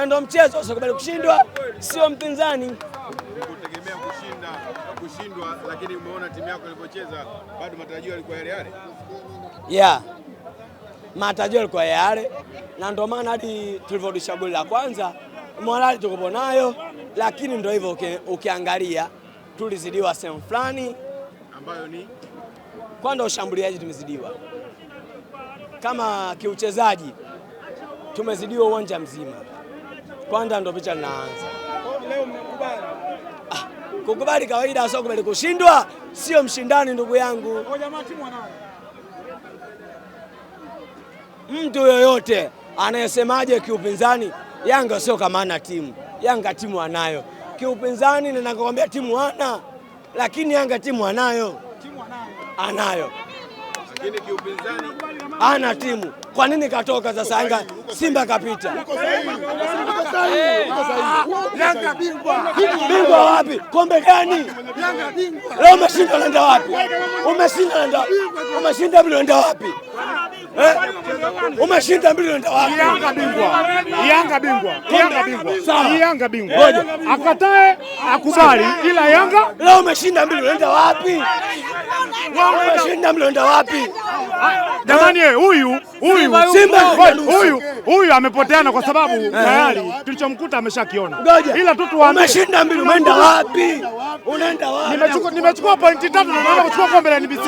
na ndio mchezo. Usikubali kushindwa, sio mpinzani. Kutegemea kushinda kushindwa, lakini umeona timu yako ilipocheza, bado matarajio yalikuwa yale yale. ya matarajio yalikuwa yale, na ndio maana hadi tulivyorudisha goli la kwanza morali tuko nayo, lakini ndio hivyo. Ukiangalia tulizidiwa sehemu fulani, ambayo ni kwanza ushambuliaji tumezidiwa, kama kiuchezaji tumezidiwa uwanja mzima kwanza ndo picha linaanza. Leo ah, mmekubali kukubali kawaida, sio kubali kushindwa, sio mshindani ndugu yangu. Mtu yoyote anayesemaje kiupinzani, Yanga sio kama ana timu. Yanga timu anayo kiupinzani, ninakwambia timu ana, lakini Yanga timu anayo, timu anayo, anayo ana timu. Kwa nini katoka sasa? Yanga Simba kapita, bingwa wapi? Kombe gani? Leo umeshinda unaenda wapi? Umeshinda umeshinda mbili unaenda wapi? Umeshinda mbili unaenda eh? wapi? Yanga bingwa, Yanga bingwa. Yanga Yanga bingwa. bingwa. Sawa. Ngoja akatae akubali, ila Yanga leo umeshinda mbili unaenda wapi? Wewe Umeshinda mbili unaenda wapi? Jamani, eh, huyu huyu Simba huyu huyu amepoteana kwa sababu tayari tulichomkuta ameshakiona, ila tu tuambie, umeshinda mbili, umeenda wapi? Unaenda wapi? Nimechukua pointi tatu na naenda kuchukua kombe la NBC.